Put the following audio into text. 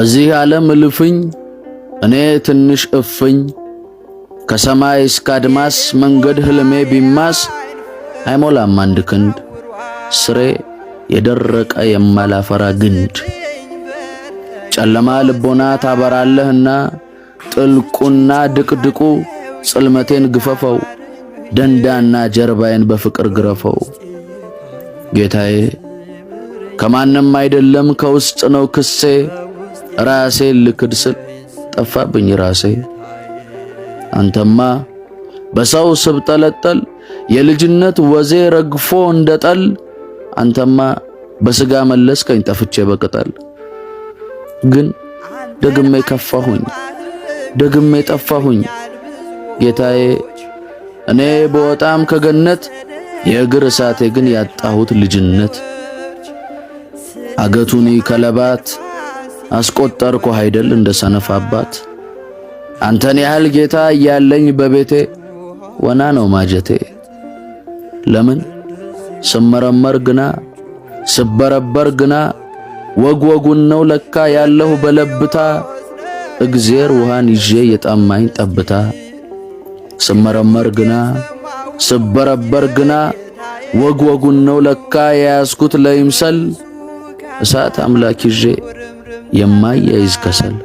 በዚህ ዓለም እልፍኝ እኔ ትንሽ እፍኝ ከሰማይ እስከ አድማስ መንገድ ህልሜ ቢማስ አይሞላም አንድ ክንድ ስሬ የደረቀ የማላፈራ ግንድ ጨለማ ልቦና ታበራለህና ጥልቁና ድቅድቁ ጽልመቴን ግፈፈው ደንዳና ጀርባዬን በፍቅር ግረፈው። ጌታዬ ከማንም አይደለም ከውስጥ ነው ክሴ ራሴ ልክድ ስል ጠፋብኝ ራሴ። አንተማ በሰው ስብጠለጠል የልጅነት ወዜ ረግፎ እንደጠል አንተማ በስጋ መለስከኝ ጠፍቼ በቅጠል። ግን ደግሜ ከፋሁኝ ደግሜ ጠፋሁኝ ጌታዬ እኔ በወጣም ከገነት የእግር እሳቴ ግን ያጣሁት ልጅነት አገቱኒ ከለባት አስቆጠርኩ አይደል እንደ ሰነፍ አባት አንተን ያህል ጌታ እያለኝ በቤቴ ወና ነው ማጀቴ። ለምን ስመረመር ግና ስበረበር ግና ወግ ወጉን ነው ለካ ያለሁ በለብታ እግዜር ውሃን ይዤ የጠማኝ ጠብታ ስመረመር ግና ስበረበር ግና ወግ ወጉን ነው ለካ የያዝኩት ለይምሰል እሳት አምላክ ይዤ የማያይዝ ከሰል